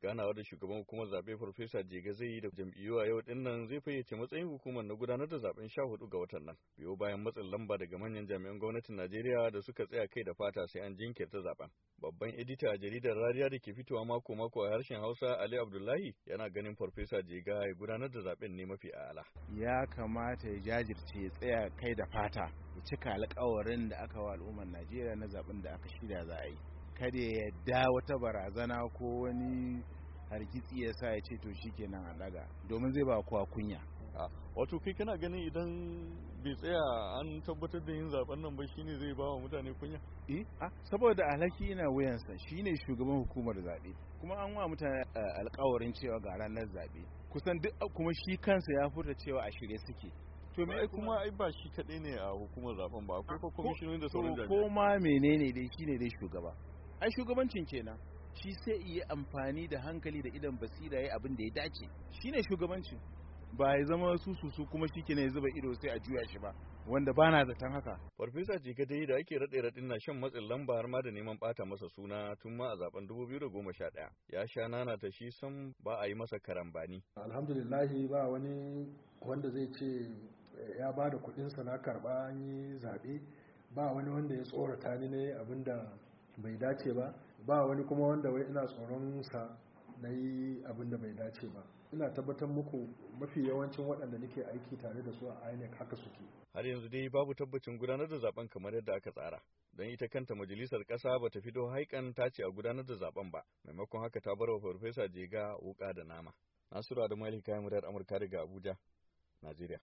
ganawa da shugaban hukumar zaɓe farfesa jega zai yi da jam'iyyu a yau din nan zai fayyace matsayin hukumar na gudanar da zaben sha hudu ga watan nan biyo bayan matsin lamba daga manyan jami'an gwamnatin najeriya da suka tsaya kai da fata sai an jinkirta zaben babban edita a jaridar rariya da ke fitowa mako mako a harshen hausa ali abdullahi yana ganin farfesa jega ya gudanar da zaben ne mafi ala ya kamata ya jajirce ya tsaya kai da fata ya cika alkawarin da aka wa al'ummar najeriya na zaben da aka shirya za a yi kada ya yadda wata barazana ko wani hargitsi ya sa ya ce to shi ke nan alaga domin zai ba kuwa kunya wato kai kana ganin idan bai tsaya an tabbatar da yin zaben nan ba shine zai ba wa mutane kunya eh saboda alhaki yana wuyansa shine shugaban hukumar zaɓe kuma an wa mutane alƙawarin cewa ga ranar zabe kusan duk kuma shi kansa ya furta cewa a shirye suke to me kuma ai ba shi kadai ne a hukumar zaben ba akwai kwamishinoni da sauran jami'ai ko ma menene dai shine dai shugaba ai shugabancin kenan shi sai yi amfani da hankali da idan basira ya abin da ya dace shine shugabanci ba ya zama su su su kuma shi kenan ya zuba ido sai a juya shi ba wanda ba na zaton haka. Farfesa Jika dai da ake raɗe raɗin na shan matsin lamba har ma da neman ɓata masa suna tun ma a zaben 2011 ya sha nana ta shi san ba a yi masa karambani. Alhamdulillah, ba wani wanda zai ce eh, ya ba da kuɗinsa na karɓa an yi zaɓe ba wani wanda ya tsorata ni ne abinda bai dace ba ba wani kuma wanda wai ina tsoron sa na yi abin da bai dace ba ina tabbatar muku mafi yawancin waɗanda nake aiki tare da su a inec haka suke har yanzu dai babu tabbacin gudanar da zaben kamar yadda aka tsara don ita kanta majalisar ƙasa ba ta fito haikan ta ce a gudanar da zaben ba maimakon haka ta bar wa farfesa jega wuka da nama nasiru adamu alhikayen muryar amurka daga abuja najeriya